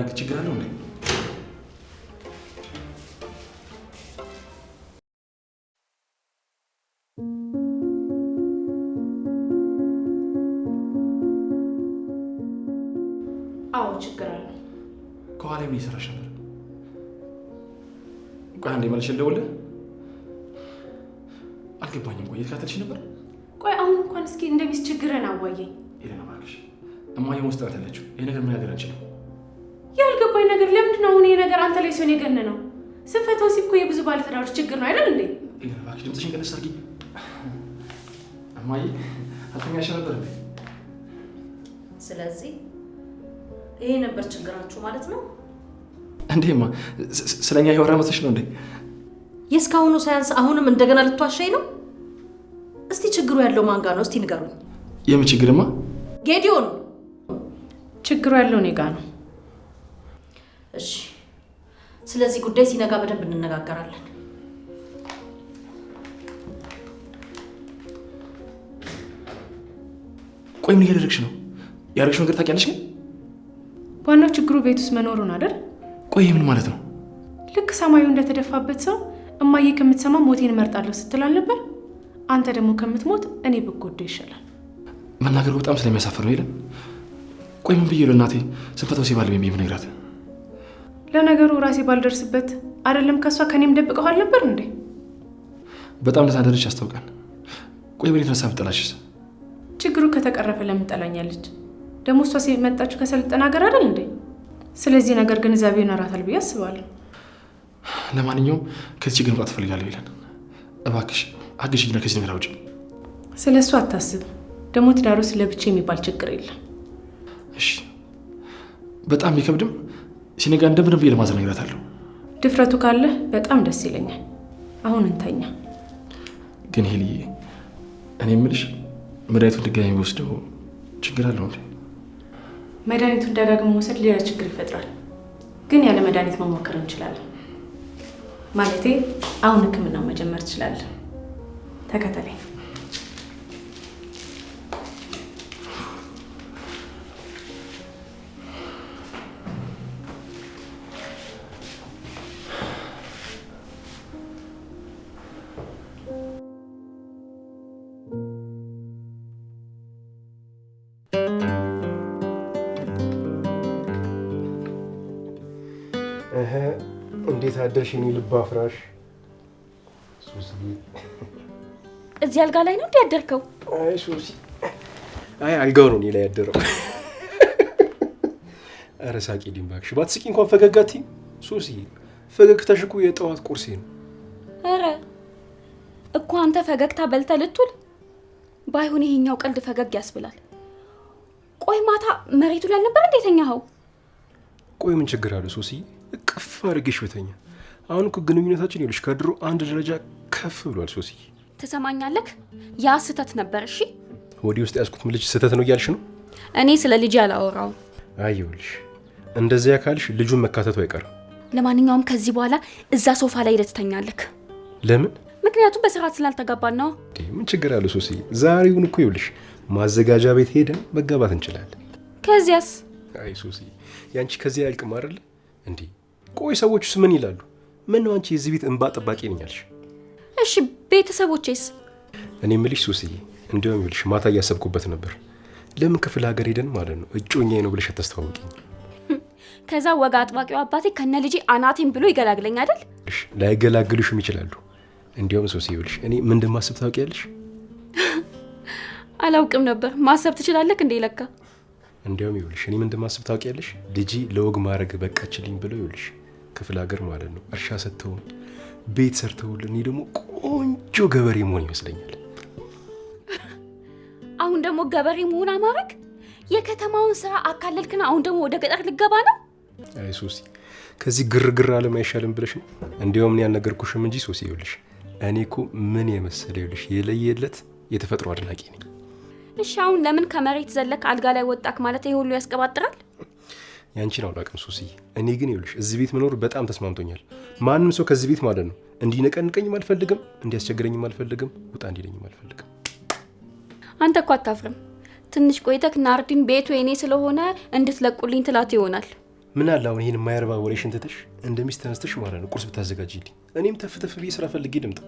ማድረግ ችግር አለው እንዴ? አዎ ችግር አለው። ከኋላ ምን ይሰራሽ ነበር? ቆይ አንዴ መልሼ ልደውልልህ። አልገባኝም። ቆይ ካተልሽ ነበር? ቆይ አሁን እንኳን እስኪ እንደሚስ ችግርን አዋየኝ። ሄደን እባክሽ እማዬ ውስጥ ናት ያለችው። ነገር መናገር አንችልም። ነገር አንተ ላይ ሲሆን የገነ ነው። ስንፈት ወሲብ እኮ የብዙ ባለትዳሮች ችግር ነው አይደል እንዴ? እባክሽ ድምፅሽን ቀነስ አድርጊ። እማዬ አልተኛሽ ነበር እንዴ? ስለዚህ ይሄ ነበር ችግራችሁ ማለት ነው እንዴ? እንዴማ? ስለኛ የወራ መሰሽ ነው እንዴ? የእስካሁኑ ሳያንስ አሁንም እንደገና ልትዋሻኝ ነው? እስቲ ችግሩ ያለው ማንጋ ነው? እስቲ ንገሩኝ። የምን ችግርማ? ጌዲዮን ችግሩ ያለው እኔ ጋ ነው። እሺ ስለዚህ ጉዳይ ሲነጋ በደንብ እንነጋገራለን። ቆይ ምን እያደረግሽ ነው? ያደረግሽው ነገር ታውቂያለሽ? ግን ዋናው ችግሩ ቤት ውስጥ መኖሩን አይደል? ቆይ ምን ማለት ነው? ልክ ሰማዩ እንደተደፋበት ሰው እማዬ ከምትሰማ ሞቴን እመርጣለሁ ስትላል ነበር። አንተ ደግሞ ከምትሞት እኔ ብጎዳ ይሻላል። መናገር በጣም ስለሚያሳፍር ነው። የለም ቆይ ምን ብዬ ለእናቴ ስንፈተው ሲባል ምን ነግራት ለነገሩ ራሴ ባልደርስበት አይደለም ከእሷ ከኔም ደብቀው አልነበር እንዴ? በጣም ለታደረች ያስታውቃል። ቆይ በሌት ተነሳ ምጠላሽ? ችግሩ ከተቀረፈ ለምን ጠላኛለች? ደግሞ እሷ ሲመጣችሁ ከሰልጠን ሀገር አይደል እንዴ? ስለዚህ ነገር ግንዛቤ ይኖራታል ብዬ አስባለሁ። ለማንኛውም ከዚህ ግን መውጣት ትፈልጋለሁ ይለን። እባክሽ አግሽኝና ከዚህ ነገር አውጭ። ስለ እሱ አታስብ። ደግሞ ትዳር ውስጥ ለብቻ የሚባል ችግር የለም። እሺ፣ በጣም ቢከብድም ሲነጋ እንደምን ብዬ ለማዘናግራት ድፍረቱ ካለ በጣም ደስ ይለኛል። አሁን እንተኛ። ግን ሄልዬ፣ እኔ የምልሽ መድኃኒቱን ድጋሚ ወስደው ችግር አለው እንዴ? መድኃኒቱን ደጋግሞ መውሰድ ሌላ ችግር ይፈጥራል። ግን ያለ መድኃኒት መሞከር እንችላለን። ማለቴ አሁን ህክምናው መጀመር ትችላለን። ተከተለኝ። አደርሽ የኔ ልብ አፍራሽ ሱስዬ። እዚህ አልጋ ላይ ነው እንዴ ያደርከው? አይ ሱሲ፣ አይ አልጋው ነው እኔ ላይ ያደረው። ኧረ ሳቂ ዲም እባክሽ፣ ባትስቂ እንኳን ፈገጋቲ ሱስዬ። ፈገግታሽ እኮ የጠዋት ቁርሴ ነው። ኧረ እኮ አንተ ፈገግታ በልተ ልትውል ባይሆን ይሄኛው ቀልድ ፈገግ ያስብላል። ቆይ ማታ መሬቱ ላይ አልነበር እንዴ ቆይ ምን ችግር አለ ሶሲ፣ እቅፍ አድርጌሽ በተኛ አሁን እኮ ግንኙነታችን ይኸውልሽ ከድሮ አንድ ደረጃ ከፍ ብሏል። ሶሲ ትሰማኛለክ? ያ ስህተት ነበር። እሺ ወዲህ ውስጥ ያስኩትም ልጅ ስህተት ነው እያልሽ ነው? እኔ ስለ ልጅ አላወራው። አይ ይኸውልሽ እንደዚያ ካልሽ ልጁን መካተቱ አይቀርም። ለማንኛውም ከዚህ በኋላ እዛ ሶፋ ላይ ሄደህ ለምን? ምክንያቱም በስርዓት ስላልተጋባን ነው። ምን ችግር አለ ሶሲ? ዛሬውን እኮ ይኸውልሽ ማዘጋጃ ቤት ሄደን መጋባት እንችላለን። ከዚያስ? አይ ሶሲ ያንቺ ከዚያ ያልቅም አይደል እንዴ? ቆይ ሰዎቹስ ምን ይላሉ? ምን ነው አንቺ የዚህ ቤት እንባ ጠባቂ ነኝ አልሽ? እሺ ቤተሰቦቼስ? እኔ የምልሽ ሱስዬ፣ እንዲያውም ይኸውልሽ ማታ እያሰብኩበት ነበር። ለምን ክፍለ ሀገር ሄደን ማለት ነው እጮኛዬ ነው ብለሽ አታስተዋውቂኝ? ከዛ ወጋ አጥባቂው አባቴ ከነ ልጄ አናቴን ብሎ ይገላግለኝ አይደል? ላይገላግሉሽም ይችላሉ። እንዲያውም ሱስ ይኸውልሽ እኔ ምን እንደማስብ ታውቂያለሽ? አላውቅም ነበር። ማሰብ ትችላለህ እንዴ? ለካ እንዲያውም ይኸውልሽ እኔ ምን እንደማስብ ታውቂያለሽ? ልጄ ለወግ ማድረግ በቃችልኝ ብሎ ይኸውልሽ ክፍለ ሀገር ማለት ነው እርሻ ሰጥተውን ቤት ሰርተውልን እኔ ደግሞ ቆንጆ ገበሬ መሆን ይመስለኛል። አሁን ደግሞ ገበሬ መሆን አማረክ? የከተማውን ስራ አካለልክና አሁን ደግሞ ወደ ገጠር ልገባ ነው? አይ ሶሲ፣ ከዚህ ግርግር አለም አይሻልም ብለሽ ነው? እንዲያውም እኔ ያልነገርኩሽም እንጂ ሶሲ፣ ይኸውልሽ እኔ እኮ ምን የመሰለ ይኸውልሽ የለየለት የተፈጥሮ አድናቂ ነኝ። እሺ፣ አሁን ለምን ከመሬት ዘለክ አልጋ ላይ ወጣክ ማለት ይሄ ሁሉ ያስቀባጥራል? ያንቺን አውላቅም ሱስዬ። እኔ ግን ይኸውልሽ እዚህ ቤት መኖር በጣም ተስማምቶኛል። ማንም ሰው ከዚህ ቤት ማለት ነው እንዲነቀንቀኝም አልፈልግም፣ እንዲያስቸግረኝም አልፈልግም፣ ውጣ እንዲለኝም አልፈልግም። አንተ እኮ አታፍርም። ትንሽ ቆይተክ ናርዲን ቤቱ የኔ ስለሆነ እንድትለቁልኝ ትላት ይሆናል። ምን አለ አሁን ይህን የማያርባ ወሬሽን ትተሽ እንደ ሚስት ተነስተሽ ማለት ነው ቁርስ ብታዘጋጅልኝ፣ እኔም ተፍተፍ ብዬ ስራ ፈልጌ ልምጣ።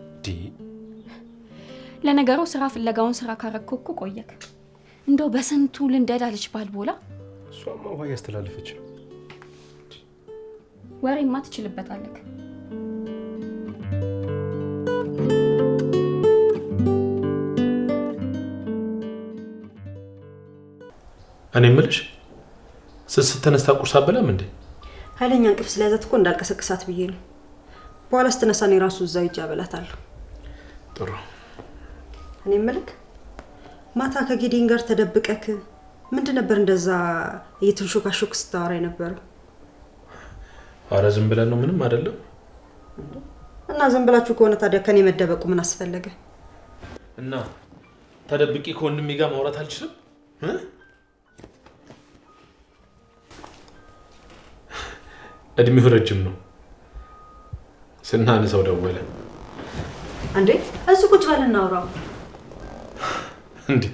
ለነገሩ ስራ ፍለጋውን ስራ ካረኮ እኮ ቆየክ። እንደው በስንቱ ልንደድ አለች ባልቦላ እሷማ ውሃ እያስተላለፈች ነው። ወሬማ ትችልበታለህ። እኔ የምልሽ ስትነሳ ቁርስ አበላም እንዴ? ኃይለኛ እንቅልፍ ስለያዛት እኮ እንዳልቀሰቅሳት ብዬ ነው። በኋላ ስትነሳ እኔ ራሱ እዛው ሂጅ አበላታለሁ። ጥሩ። እኔ ምልክ ማታ ከጌዴን ጋር ተደብቀክ ምንድን ነበር እንደዛ እየተንሾካሾክ ስታወራ የነበረው? አረ ዝም ብለን ነው፣ ምንም አይደለም። እና ዝም ብላችሁ ከሆነ ታዲያ ከኔ መደበቁ ምን አስፈለገ? እና ተደብቄ ከወንድሜ ጋር ማውራት አልችልም? እድሜው ረጅም ነው። ስናነሳው ደወለ። እንዴ እሱ ቁጭ በል እናውራው። እንዴ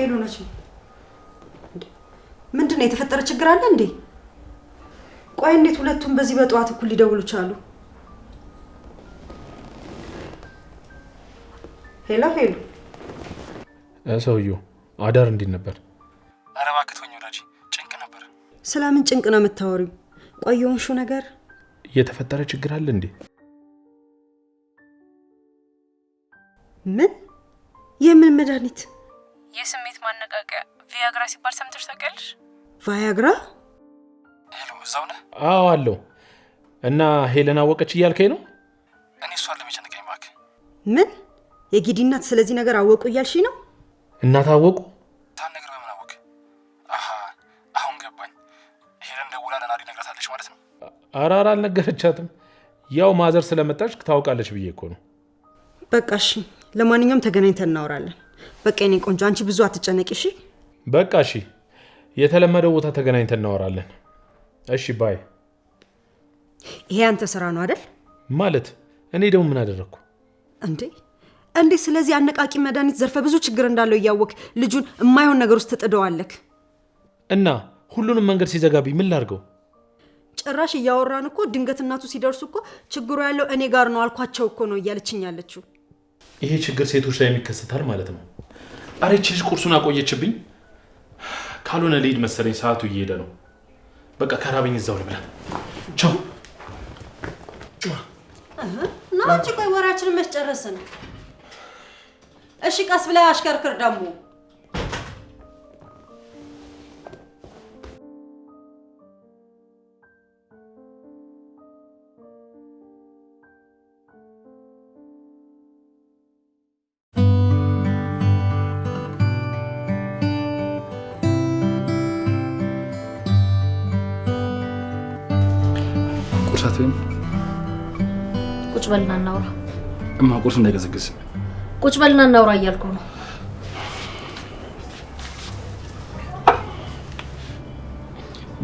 ሄሎ ነች። ምንድን ነው የተፈጠረ? ችግር አለ እንዴ? ቆይ እንዴት ሁለቱም በዚህ በጠዋት እኩል ሊደውሉ ቻሉ? ሄሎ ሄሎ፣ ሰውዬው አዳር እንዴት ነበር? ኧረ እባክህ ተወኝ ወዳጅ፣ ጭንቅ ነበር። ስለምን ጭንቅ ነው የምታወሪው? ቆይ ነገር እየተፈጠረ ችግር አለ እንዴ? ምን የምን መድኃኒት የስሜት ማነቃቂያ ቪያግራ ሲባል ሰምተሽ ታውቂያለሽ? ቫያግራ ሄሎ፣ እዛው ነህ? አዎ አለው። እና ሄለን አወቀች እያልከኝ ነው? እኔ እሷ ለመጨነቀኝ እባክህ። ምን የጊዲ እናት ስለዚህ ነገር አወቁ እያልሽኝ ነው? እናት አወቁ ታን ነገር በምን አወቅ? አሀ አሁን ገባኝ። ሄለን ደውላ ለናዲ ነግራታለች ማለት ነው? ኧረ ኧረ አልነገረቻትም። ያው ማዘር ስለመጣች ታውቃለች ብዬ እኮ ነው። በቃ እሺ፣ ለማንኛውም ተገናኝተን እናወራለን። በቃ የኔ ቆንጆ አንቺ ብዙ አትጨነቂ እሺ። በቃ እሺ፣ የተለመደው ቦታ ተገናኝተን እናወራለን። እሺ ባይ። ይሄ አንተ ስራ ነው አደል? ማለት እኔ ደግሞ ምን አደረግኩ እንዴ? እንዴ ስለዚህ አነቃቂ መድኃኒት ዘርፈ ብዙ ችግር እንዳለው እያወቅ ልጁን የማይሆን ነገር ውስጥ ትጥደዋለክ። እና ሁሉንም መንገድ ሲዘጋቢ ምን ላድርገው? ጭራሽ እያወራን እኮ ድንገት እናቱ ሲደርሱ እኮ ችግሩ ያለው እኔ ጋር ነው አልኳቸው እኮ ነው እያለችኝ ያለችው። ይሄ ችግር ሴቶች ላይ የሚከሰታል ማለት ነው። አረ ይህች ልጅ ቁርሱን አቆየችብኝ። ካልሆነ ልሂድ መሰለኝ፣ ሰዓቱ እየሄደ ነው። በቃ ከራበኝ እዛው ልብላ። ቻው። እና አንቺ ቆይ፣ ወራችንን እሺ፣ ቀስ ብላይ አሽከርክር ደግሞ ቁርስ አትበይም? ቁጭ በልና እናውራ። እማ ቁርስ እንዳይቀዘቅዝ። ቁጭ በልና እናውራ እያልኩ ነው።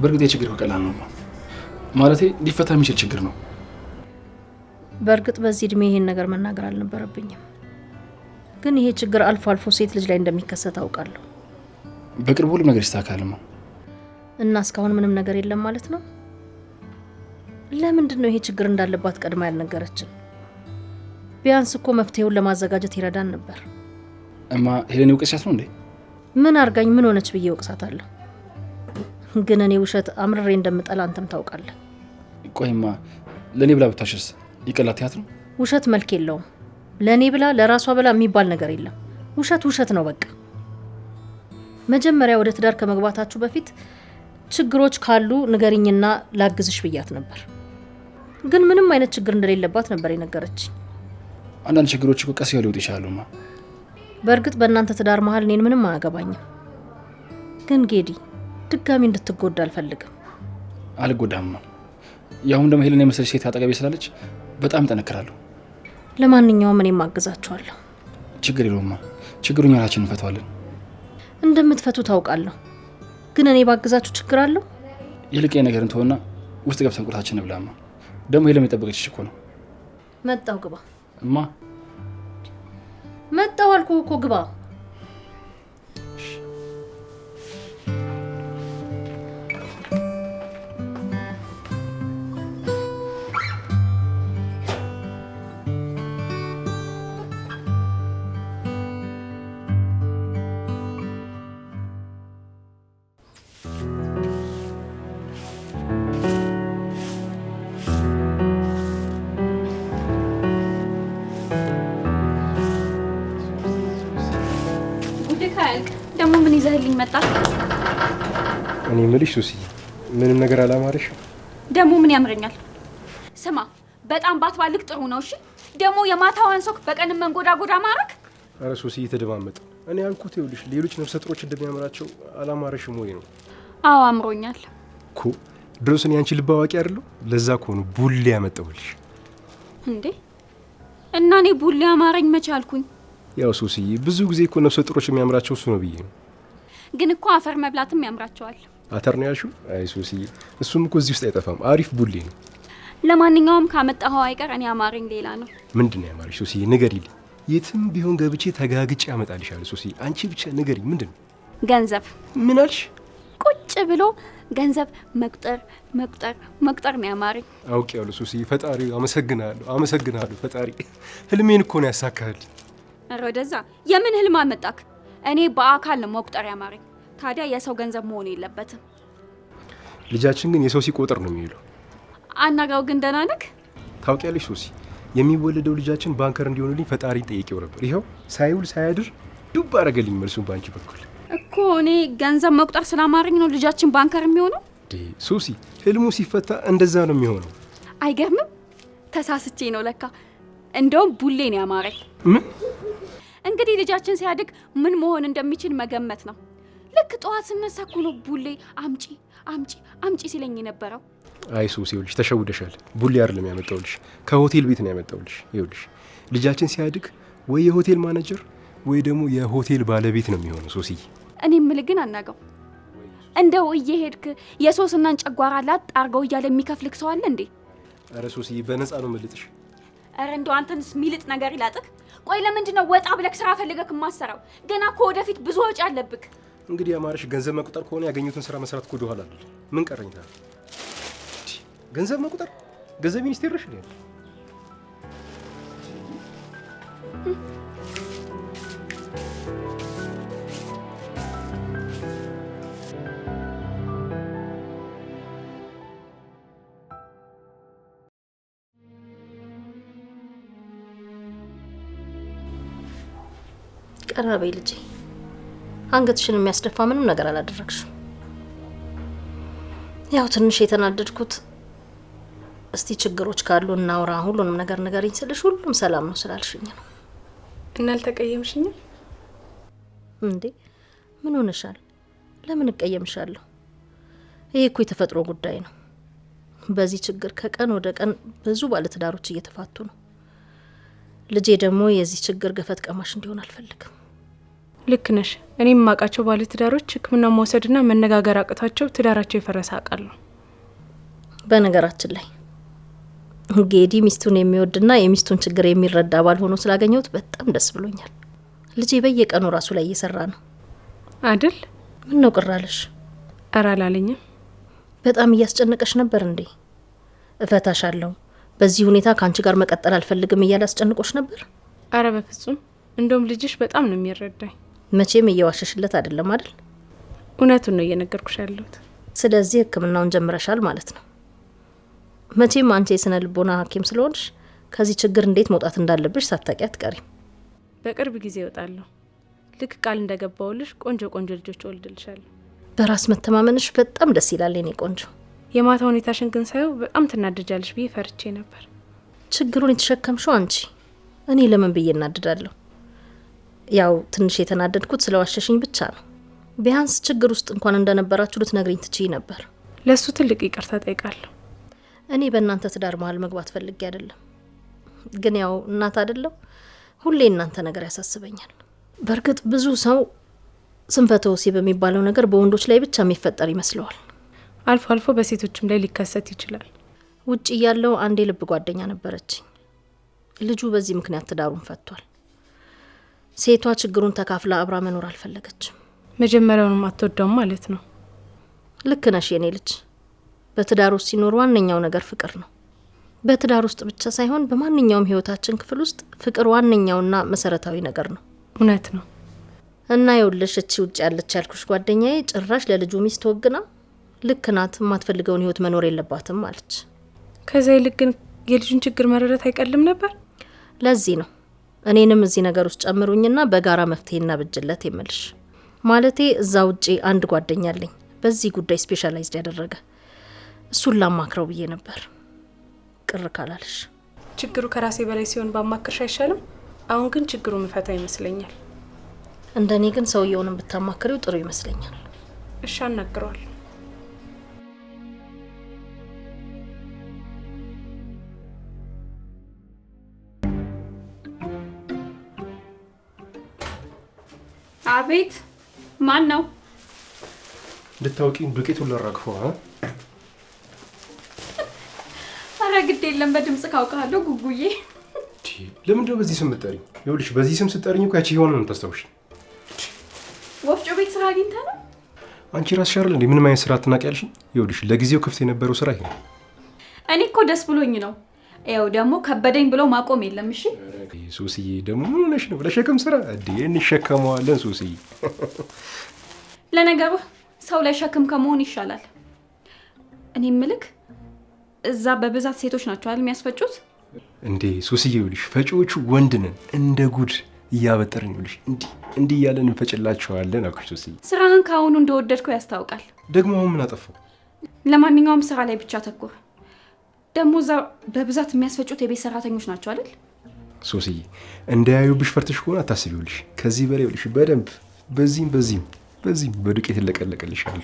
በእርግጥ የችግር ቀላል ነው ማለቴ ሊፈታ የሚችል ችግር ነው። በእርግጥ በዚህ እድሜ ይሄን ነገር መናገር አልነበረብኝም፣ ግን ይሄ ችግር አልፎ አልፎ ሴት ልጅ ላይ እንደሚከሰት አውቃለሁ። በቅርቡ ሁሉም ነገር ይስተካከል ነው እና እስካሁን ምንም ነገር የለም ማለት ነው። ለምንድን ነው ይሄ ችግር እንዳለባት ቀድማ ያልነገረችን? ቢያንስ እኮ መፍትሄውን ለማዘጋጀት ይረዳን ነበር። እማ ሄለን ይውቅሳት ነው እንዴ? ምን አርጋኝ ምን ሆነች ብዬ እወቅሳታለሁ። ግን እኔ ውሸት አምርሬ እንደምጠላ አንተም ታውቃለህ። ቆይማ ለእኔ ብላ ብታሸስ ይቀላት ያት ነው። ውሸት መልክ የለውም። ለእኔ ብላ ለራሷ ብላ የሚባል ነገር የለም። ውሸት ውሸት ነው በቃ። መጀመሪያ ወደ ትዳር ከመግባታችሁ በፊት ችግሮች ካሉ ንገሪኝና ላግዝሽ ብያት ነበር፣ ግን ምንም አይነት ችግር እንደሌለባት ነበር የነገረች አንዳንድ ችግሮች ቀስ ሊወጡ ይችላሉማ። በእርግጥ በእናንተ ትዳር መሀል እኔን ምንም አያገባኝም፣ ግን ጌዲ ድጋሚ እንድትጎዳ አልፈልግም። አልጎዳም። ያሁን ደግሞ ሄለን የመሰለች ሴት አጠገቤ ስላለች በጣም እጠነክራለሁ። ለማንኛውም እኔም አግዛችኋለሁ። ችግር የለውማ። ችግሩኛ ራሳችን እንፈተዋለን። እንደምትፈቱ ታውቃለሁ። ግን እኔ ባግዛችሁ ችግር አለው? ይልቅ ነገርን ትሆና ውስጥ ገብተን ቁርሳችን እንብላማ። ደግሞ ሄለም የጠበቀችሽ እኮ ነው። መጣው ግባ። እማ መጣው አልኩህ እኮ ግባ። መጣህ? እኔ የምልሽ ሱስዬ፣ ምንም ነገር አላማረሽ? ደግሞ ምን ያምረኛል? ስማ፣ በጣም ባትባልቅ ጥሩ ነው። እሺ፣ ደግሞ የማታዋን ሶክ በቀንም መንጎዳ ጎዳ ማረክ። አረ ሱስዬ ተደማመጥ። እኔ ያልኩት ይኸውልሽ፣ ሌሎች ነፍሰ ጥሮች እንደሚያምራቸው አላማረሽም ወይ ነው? አዎ አምሮኛል እኮ። ድሮስ እኔ አንቺ ልብ አዋቂ አይደለሁ? ለዛ እኮ ቡሌ ያመጣሁልሽ። እንዴ! እና እኔ ቡሌ አማረኝ መቼ አልኩኝ? ያው ሱስዬ፣ ብዙ ጊዜ እኮ ነፍሰ ጥሮች የሚያምራቸው እሱ ነው ብዬ ነው ግን እኮ አፈር መብላትም ያምራቸዋል። አተር ነው ያልሽው? አይ ሱስዬ፣ እሱም እኮ እዚህ ውስጥ አይጠፋም። አሪፍ ቡሌ ነው። ለማንኛውም ካመጣኸው አይቀር እኔ አማረኝ ሌላ ነው። ምንድን ነው ያማረሽ ሱስዬ? ንገሪልኝ። የትም ቢሆን ገብቼ ተጋግጬ ያመጣልሻለሁ ሱስዬ። አንቺ ብቻ ንገሪኝ፣ ምንድን ነው? ገንዘብ። ምን አልሽ? ቁጭ ብሎ ገንዘብ መቁጠር መቁጠር መቁጠር ነው ያማረኝ። አውቅ ያሉ ሱስዬ፣ ፈጣሪ አመሰግናለሁ፣ አመሰግናለሁ ፈጣሪ። ህልሜን እኮ ነው ያሳካልኝ። ኧረ ወደዛ የምን ህልም አመጣክ? እኔ በአካል ነው መቁጠር ያማረኝ። ታዲያ የሰው ገንዘብ መሆን የለበትም። ልጃችን ግን የሰው ሲቆጥር ነው የሚውለው። አናጋው ግን ደህና ነህ? ታውቂያለሽ ሶሲ፣ የሚወለደው ልጃችን ባንከር እንዲሆንልኝ ፈጣሪ ጠየቄው ነበር። ይኸው ሳይውል ሳያድር ዱብ አረገልኝ መልሱን ባንቺ በኩል እኮ። እኔ ገንዘብ መቁጠር ስላማረኝ ነው ልጃችን ባንከር የሚሆነው። ሶሲ፣ ህልሙ ሲፈታ እንደዛ ነው የሚሆነው። አይገርምም? ተሳስቼ ነው ለካ። እንደውም ቡሌ ነው ያማረኝ። ምን እንግዲህ ልጃችን ሲያድግ ምን መሆን እንደሚችል መገመት ነው። ልክ ጠዋት ስነሳ እኮ ነው ቡሌ አምጪ አምጪ አምጪ ሲለኝ የነበረው። አይ ሱስ፣ ይኸውልሽ ተሸውደሻል። ቡሌ አይደለም ያመጣውልሽ፣ ከሆቴል ቤት ነው ያመጣውልሽ። ይኸውልሽ ልጃችን ሲያድግ ወይ የሆቴል ማናጀር ወይ ደግሞ የሆቴል ባለቤት ነው የሚሆነው። ሱስዬ፣ እኔ የምልህ ግን አናገው እንደው እየሄድክ የሶስናን ጨጓራ ላጥ አርገው እያለ የሚከፍልክ ሰው አለ እንዴ? ኧረ ሱስዬ፣ በነፃ ነው መልጥሽ። ኧረ እንደው አንተንስ ሚልጥ ነገር ይላጥክ። ቆይ ለምንድን ነው ወጣ ብለክ ስራ ፈልገክ የማሰራው? ገና እኮ ወደፊት ብዙ ወጪ አለብክ። እንግዲህ አማርሽ ገንዘብ መቁጠር ከሆነ ያገኙትን ስራ መስራት ኮዶ ኋላ አይደል? ምን ቀረኝ ገንዘብ መቁጠር ገንዘብ ሚኒስቴር ነሽ እንዴ? ቀና በይ ልጄ። አንገትሽን የሚያስደፋ ምንም ነገር አላደረግሽም። ያው ትንሽ የተናደድኩት እስቲ ችግሮች ካሉ እናውራ፣ ሁሉንም ነገር ንገሪኝ ስልሽ ሁሉም ሰላም ነው ስላልሽኝ ነው። እና አልተቀየምሽኝም እንዴ? ምን ሆነሻል? ለምን እቀየምሻለሁ? ይህ እኮ የተፈጥሮ ጉዳይ ነው። በዚህ ችግር ከቀን ወደ ቀን ብዙ ባለትዳሮች እየተፋቱ ነው። ልጄ ደግሞ የዚህ ችግር ገፈት ቀማሽ እንዲሆን አልፈልግም። ልክ ነሽ። እኔም የማውቃቸው ባለ ትዳሮች ሕክምና መውሰድና መነጋገር አቅቷቸው ትዳራቸው የፈረሰ አውቃለሁ። በነገራችን ላይ ጌዲ ሚስቱን የሚወድና የሚስቱን ችግር የሚረዳ ባል ሆኖ ስላገኘሁት በጣም ደስ ብሎኛል። ልጄ በየቀኑ ራሱ ላይ እየሰራ ነው አድል። ምን ነው ቅራለሽ? እረ አላለኝም። በጣም እያስጨነቀሽ ነበር እንዴ? እፈታሽ አለው። በዚህ ሁኔታ ከአንቺ ጋር መቀጠል አልፈልግም እያለ አስጨንቆች ነበር? አረ በፍጹም እንደውም ልጅሽ በጣም ነው የሚረዳኝ። መቼም እየዋሸሽለት አይደለም አይደል? እውነቱን ነው እየነገርኩሽ ያለሁት። ስለዚህ ህክምናውን ጀምረሻል ማለት ነው። መቼም አንቺ የስነ ልቦና ሐኪም ስለሆንሽ ከዚህ ችግር እንዴት መውጣት እንዳለብሽ ሳታቂ አትቀሪም። በቅርብ ጊዜ እወጣለሁ። ልክ ቃል እንደገባውልሽ ቆንጆ ቆንጆ ልጆች እወልድልሻለሁ። በራስ መተማመንሽ በጣም ደስ ይላል የኔ ቆንጆ። የማታ ሁኔታሽን ግን ሳየው በጣም ትናደጃለሽ ብዬ ፈርቼ ነበር። ችግሩን የተሸከምሽው አንቺ፣ እኔ ለምን ብዬ እናድዳለሁ? ያው ትንሽ የተናደድኩት ስለ ዋሸሽኝ ብቻ ነው። ቢያንስ ችግር ውስጥ እንኳን እንደነበራችሁ ልትነግሪኝ ትችይ ነበር። ለእሱ ትልቅ ይቅርታ ጠይቃለሁ። እኔ በእናንተ ትዳር መሀል መግባት ፈልጌ አይደለም፣ ግን ያው እናት አይደለሁ፣ ሁሌ እናንተ ነገር ያሳስበኛል። በእርግጥ ብዙ ሰው ስንፈተ ወሲብ በሚባለው ነገር በወንዶች ላይ ብቻ የሚፈጠር ይመስለዋል። አልፎ አልፎ በሴቶችም ላይ ሊከሰት ይችላል። ውጭ ያለው አንዴ ልብ ጓደኛ ነበረችኝ። ልጁ በዚህ ምክንያት ትዳሩን ፈቷል። ሴቷ ችግሩን ተካፍላ አብራ መኖር አልፈለገችም። መጀመሪያውንም አትወዳውም ማለት ነው። ልክ ነሽ የኔ ልጅ። በትዳር ውስጥ ሲኖር ዋነኛው ነገር ፍቅር ነው። በትዳር ውስጥ ብቻ ሳይሆን በማንኛውም ህይወታችን ክፍል ውስጥ ፍቅር ዋነኛውና መሰረታዊ ነገር ነው። እውነት ነው። እና የውልሽ እቺ ውጭ ያለች ያልኩሽ ጓደኛዬ ጭራሽ ለልጁ ሚስት ወግና ልክ ናት፣ የማትፈልገውን ህይወት መኖር የለባትም አለች። ከዚያ ይልቅ ግን የልጁን ችግር መረዳት አይቀልም ነበር። ለዚህ ነው እኔንም እዚህ ነገር ውስጥ ጨምሩኝና በጋራ መፍትሄ እናብጅለት የምልሽ። ማለቴ እዛ ውጪ አንድ ጓደኛ አለኝ በዚህ ጉዳይ ስፔሻላይዝድ ያደረገ እሱን ላማክረው ብዬ ነበር። ቅር ካላልሽ ችግሩ ከራሴ በላይ ሲሆን ባማክርሽ አይሻልም? አሁን ግን ችግሩ ምፈታው ይመስለኛል። እንደኔ ግን ሰውየውንም ብታማክሪው ጥሩ ይመስለኛል። እሺ አናግረዋል። አቤት ማን ነው? እንድታውቂኝ ዱቄቱን ላራግፈው። አረ ግድ የለም በድምፅ ካውቃለሁ። ጉጉዬ ለምንድነው በዚህ ስም የምትጠሪኝ? ይኸውልሽ በዚህ ስም ስጠሪኝ እኮ ያቺ የሆነ ነው ወፍጮ ቤት ስራ አግኝታ ነው። አንቺ ራስሽ አይደል እንዴ ምንም አይነት ስራ አትናቂያለሽ? ይኸውልሽ ለጊዜው ክፍት የነበረው ስራ ይሄ ነው። እኔ እኮ ደስ ብሎኝ ነው ያው ደግሞ ከበደኝ ብሎ ማቆም የለም። እሺ ሱስዬ፣ ደግሞ ምን ሆነሽ ነው? ለሸክም ስራ እዴ እንሸከመዋለን። ሱስዬ፣ ለነገሩ ሰው ለሸክም ከመሆን ይሻላል። እኔ ምልክ እዛ በብዛት ሴቶች ናቸው አይደል የሚያስፈጩት? እንዴ ሱስዬ፣ ይኸውልሽ ፈጪዎቹ ወንድ ነን እንደ ጉድ እያበጠርን ይኸውልሽ፣ እንዲህ እንዲህ እያለን እንፈጭላቸዋለን። አልኩሽ ሱስዬ፣ ስራህን ከአሁኑ እንደወደድከው ያስታውቃል። ደግሞ አሁን ምን አጠፋው? ለማንኛውም ስራ ላይ ብቻ ተኩር። ደግሞ እዛ በብዛት የሚያስፈጩት የቤት ሰራተኞች ናቸው አይደል? ሶስዬ እንዳያዩብሽ ፈርተሽ ከሆነ አታስቢውልሽ። ከዚህ በላይ ውልሽ በደንብ በዚህም በዚህም በዚህም በዱቄት እለቀለቅልሽ አሉ።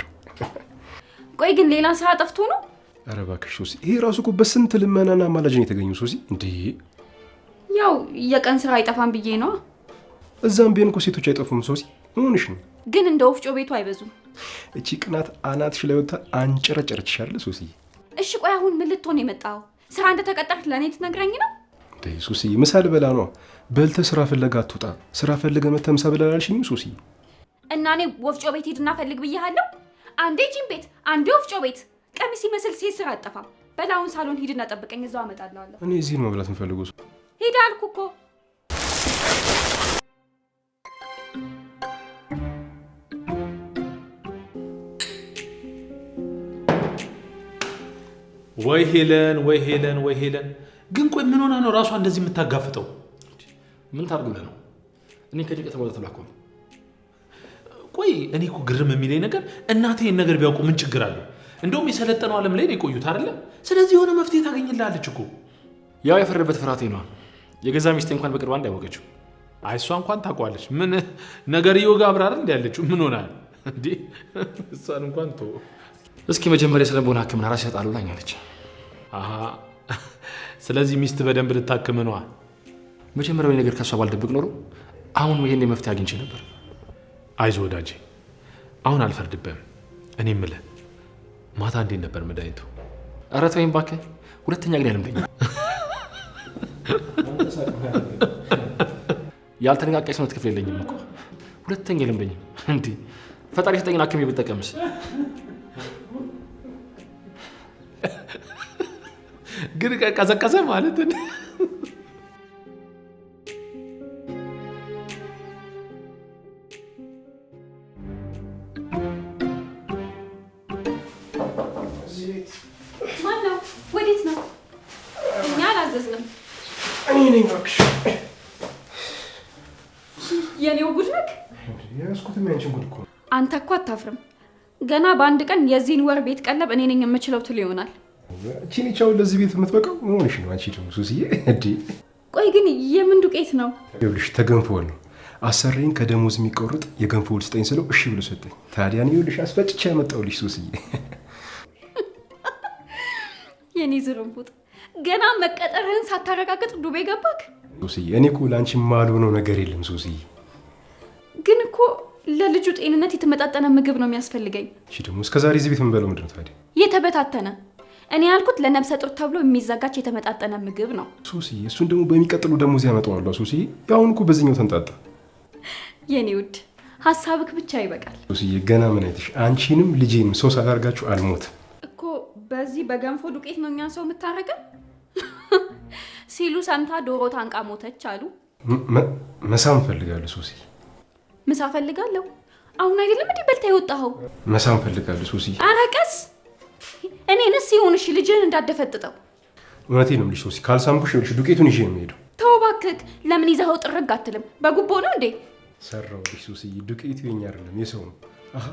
ቆይ ግን ሌላ ስራ ጠፍቶ ነው? ኧረ እባክሽ ሶሲ፣ ይሄ ራሱ እኮ በስንት ልመናና አማላጅን ነው የተገኘው። ሶሲ እንዲህ ያው የቀን ስራ አይጠፋም ብዬ ነዋ። እዛም ቢሆን እኮ ሴቶች አይጠፉም። ሶሲ ምንሽ ነው ግን እንደ ወፍጮ ቤቱ አይበዙም። እቺ ቅናት አናትሽ ላይ ወጥታ ሶሲ እሺ ቆይ አሁን ምን ልትሆን የመጣው? ስራ እንደተቀጠርክ ለእኔ ትነግረኝ ነው? ሱሲ ምሳ ልበላ ነው በልተ ስራ ፍለጋ አትውጣ። ስራ ፈልገ መተህ ምሳ ብላ አልሽኝም ሱስዬ? እና እኔ ወፍጮ ቤት ሄድና ፈልግ ብያሃለሁ? አንዴ ጂም ቤት፣ አንዴ ወፍጮ ቤት። ቀሚስ ይመስል ሴት ስራ አጠፋም። በላሁን ሳሎን ሂድና ጠብቀኝ፣ እዛው አመጣለሁ። እኔ እዚህ ነው መብላት የምፈልገው። ሂድ አልኩ እኮ ወይ ሄለን ወይ ሄለን ወይ ሄለን። ግን ቆይ ምን ሆና ነው ራሷ እንደዚህ የምታጋፍጠው? ምን ታርግ ነው? እኔ ከጭንቀት የተሞላ ተብላ ቆይ እኔ እኮ ግርም የሚለኝ ነገር እናቴ ይህን ነገር ቢያውቁ ምን ችግር አለው? እንደውም የሰለጠነው ዓለም ላይ ነው የቆዩት አይደለ? ስለዚህ የሆነ መፍትሄ ታገኝልሃለች እኮ። ያው የፈረደበት ፍርሃቴ ነዋ። የገዛ ሚስቴ እንኳን በቅርብ አንድ ያወቀችው። አይ እሷ እንኳን ታውቋለች። ምን ነገር እየወጋ አብራር እንዲ ያለችው ምን ሆና እንዴ? እሷን እንኳን እስኪ መጀመሪያ የስነልቦና ህክምና ራስ ይሰጣሉ ላኛለች። ስለዚህ ሚስት በደንብ ልታክም ነዋ። መጀመሪያ ነገር ከሷ ባልደብቅ ኖሮ አሁን ይህን መፍትሄ አግኝቼ ነበር። አይዞ ወዳጄ፣ አሁን አልፈርድብህም። እኔ የምልህ ማታ እንዴት ነበር መድኃኒቱ? ኧረ ተወኝ እባክህ፣ ሁለተኛ ግን ያለምደኛ ያልተነቃቃ የሰውነት ክፍል የለኝም እኮ ሁለተኛ የለምደኝም። እንዲህ ፈጣሪ ሰጠኝን አክሜ ብጠቀምስ ግን ቀዘቀዘ ማለት ወዴት ነው? የኔው አንተ እኮ አታፍርም። ገና በአንድ ቀን የዚህን ወር ቤት ቀለብ እኔ ነኝ የምችለው ትል ይሆናል። ቺኒቻው ለዚህ ቤት የምትበቃው ምን ሆነሽ ነው አንቺ? ደግሞ ሱስዬ፣ እንዴ ቆይ ግን የምን ዱቄት ነው? ይኸውልሽ ተገንፎል ነው አሰሬን ከደሞዝ የሚቆርጥ የገንፎ ውል ስጠኝ ስለው እሺ ብሎ ሰጠኝ። ታዲያን ይኸውልሽ አስፈጭቼ ያመጣሁልሽ ሱስዬ። የኔ ዝርንቡጥ ገና መቀጠርህን ሳታረጋግጥ ዱቤ ገባክ። ሱስዬ እኔ እኮ ለአንቺ የማልሆነው ነገር የለም ሱስዬ። ግን እኮ ለልጁ ጤንነት የተመጣጠነ ምግብ ነው የሚያስፈልገኝ። እሺ ደግሞ እስከዛሬ እዚህ ቤት የምንበለው ምንድን ነው ታዲያ? የተበታተነ እኔ ያልኩት ለነብሰ ጡር ተብሎ የሚዘጋጅ የተመጣጠነ ምግብ ነው ሱሲ፣ እሱን ደግሞ በሚቀጥሉ ደሞዝ ያመጣዋለሁ ሱሲ፣ ያሁን እኮ በዚህኛው ተንጣጣ። የኔ ውድ ሀሳብክ ብቻ ይበቃል ሱስዬ። ገና ምን አይተሽ? አንቺንም ልጄንም ሰው ሳላርጋችሁ አልሞት እኮ። በዚህ በገንፎ ዱቄት ነው እኛን ሰው የምታረገን ሲሉ ሰምታ ዶሮ ታንቃ ሞተች አሉ። መሳም እፈልጋለሁ ሱሲ ምሳ ፈልጋለሁ። አሁን አይደለም እንዲህ በልታ የወጣኸው። መሳም እፈልጋለሁ ሱሲ። አረቀስ እኔንስ ይሁንሽ ልጅን እንዳደፈጥጠው። እውነቴ ነው የምልሽ ሶሲ፣ ካልሳምኩሽ ይኸውልሽ ዱቄቱን ይዤ ነው የምሄደው። ተው እባክህ። ለምን ይዘኸው ጥርግ አትልም? በጉቦ ነው እንዴ? ሰራሁልሽ ሶስዬ፣ ዱቄቱ የኛ አይደለም የሰው ነው። አሀ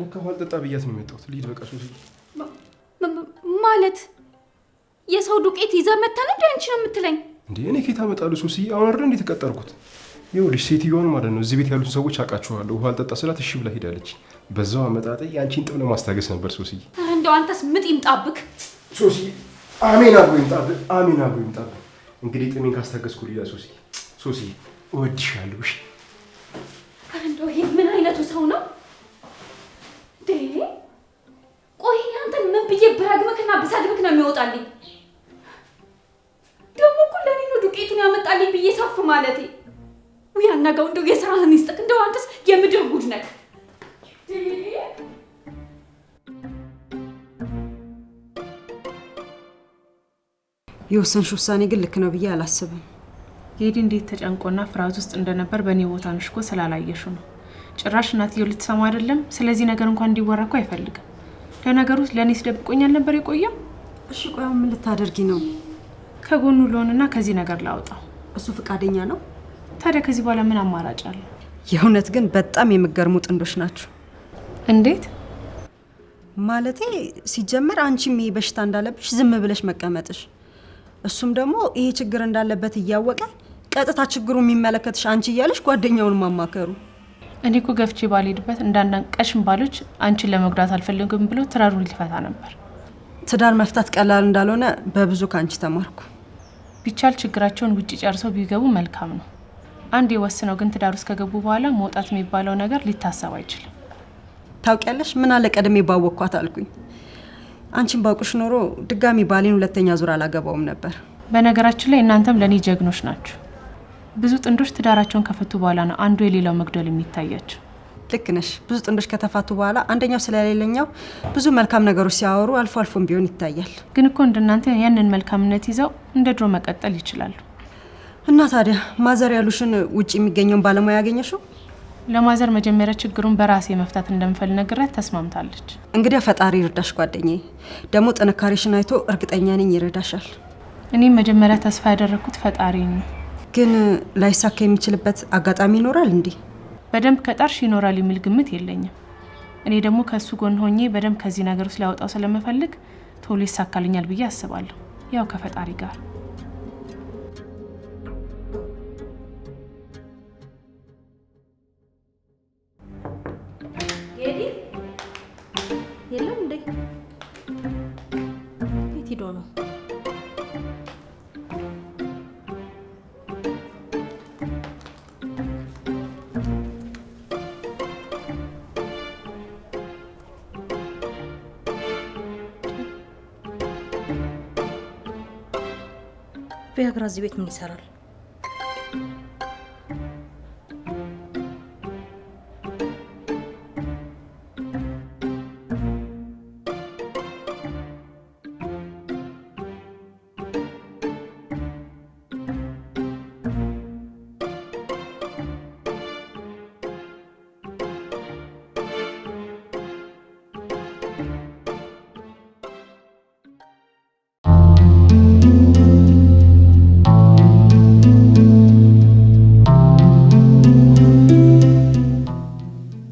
ለካ ውሃ አልጠጣ ብያት ነው የመጣሁት። ልሂድ በቃ ሶስዬ። ማለት የሰው ዱቄት ይዘህ መተን እንደ አንቺ ነው የምትለኝ እንዴ? እኔ ከየት አመጣለሁ ሶስዬ? አሁን አይደል እንዴ የተቀጠርኩት? ይኸውልሽ ሴትዮዋን ማለት ነው እዚህ ቤት ያሉትን ሰዎች አውቃቸዋለሁ። ውሃ አልጠጣ ስላት እሺ ብላ ሄዳለች። በዛው አመጣጤ የአንቺን ጥም ለማስታገስ ነበር ሶስዬ። እንደው አንተስ ምጥ ይምጣብክ። ሶሲ አሜን አብሮ ይምጣብህ፣ አሜን አብሮ ይምጣብህ። እንግዲህ ጥሜን ካስታገስኩ ልያ ሶሲ፣ ሶሲ እወድሻለሁ። እሺ እንደው ይሄ ምን አይነቱ ሰው ነው? ቆይ አንተን ምን ብዬ ብረግምክና ብሰድብክ ነው የሚወጣልኝ? ደግሞ እኮ ለእኔ ነው ዱቄቱን ያመጣልኝ ብዬ ሰፍ ማለቴ። ውይ እንደው የስራህን ይስጥክ። እንደው አንተስ የምድር ጉድ ነክ የወሰንሽ ውሳኔ ግን ልክ ነው ብዬ አላስብም። የሄድ እንዴት ተጨንቆና ፍርሃት ውስጥ እንደነበር በእኔ ቦታ ነሽ እኮ ስላላየሹ ነው። ጭራሽ እናትየው ልትሰማ አይደለም። ስለዚህ ነገር እንኳን እንዲወራ እኮ አይፈልግም። ለነገሩ ለእኔ ሲደብቆኝ አልነበር የቆየው? እሺ ቆያ፣ ምን ልታደርጊ ነው? ከጎኑ ልሆንና ከዚህ ነገር ላውጣው። እሱ ፈቃደኛ ነው? ታዲያ ከዚህ በኋላ ምን አማራጭ አለ? የእውነት ግን በጣም የምገርሙ ጥንዶች ናችሁ። እንዴት ማለቴ? ሲጀመር አንቺም ይሄ በሽታ እንዳለብሽ ዝም ብለሽ መቀመጥሽ እሱም ደግሞ ይሄ ችግር እንዳለበት እያወቀ ቀጥታ ችግሩ የሚመለከትሽ አንቺ እያለሽ ጓደኛውን ማማከሩ። እኔ ኮ ገፍቼ ባልሄድበት እንዳንዳን ቀሽም ባሎች አንቺን ለመጉዳት አልፈልግም ብሎ ትዳሩ ሊፈታ ነበር። ትዳር መፍታት ቀላል እንዳልሆነ በብዙ ከአንቺ ተማርኩ። ቢቻል ችግራቸውን ውጭ ጨርሰው ቢገቡ መልካም ነው። አንድ የወስነው ግን ትዳር ውስጥ ከገቡ በኋላ መውጣት የሚባለው ነገር ሊታሰብ አይችልም። ታውቂያለሽ፣ ምን አለ ቀድሜ ባወቅኳት አልኩኝ። አንቺን ባውቅሽ ኖሮ ድጋሚ ባሌን ሁለተኛ ዙር አላገባውም ነበር። በነገራችን ላይ እናንተም ለእኔ ጀግኖች ናችሁ። ብዙ ጥንዶች ትዳራቸውን ከፈቱ በኋላ ነው አንዱ የሌላው መግደል የሚታያቸው። ልክ ነሽ። ብዙ ጥንዶች ከተፋቱ በኋላ አንደኛው ስለሌለኛው ብዙ መልካም ነገሮች ሲያወሩ አልፎ አልፎም ቢሆን ይታያል። ግን እኮ እንደናንተ ያንን መልካምነት ይዘው እንደ ድሮ መቀጠል ይችላሉ። እና ታዲያ ማዘር ያሉሽን ውጭ የሚገኘውን ባለሙያ ያገኘሽው? ለማዘር መጀመሪያ ችግሩን በራሴ መፍታት እንደምፈል ነግሬያት ተስማምታለች። እንግዲያ ፈጣሪ ይርዳሽ ጓደኛዬ። ደግሞ ጥንካሬሽን አይቶ እርግጠኛ ነኝ ይረዳሻል። እኔም መጀመሪያ ተስፋ ያደረግኩት ፈጣሪ ነው። ግን ላይሳካ የሚችልበት አጋጣሚ ይኖራል እንዴ? በደንብ ከጣርሽ ይኖራል የሚል ግምት የለኝም። እኔ ደግሞ ከእሱ ጎን ሆኜ በደንብ ከዚህ ነገር ውስጥ ሊያወጣው ስለምፈልግ ቶሎ ይሳካልኛል ብዬ አስባለሁ። ያው ከፈጣሪ ጋር የሀገር ቤት ምን ይሰራል?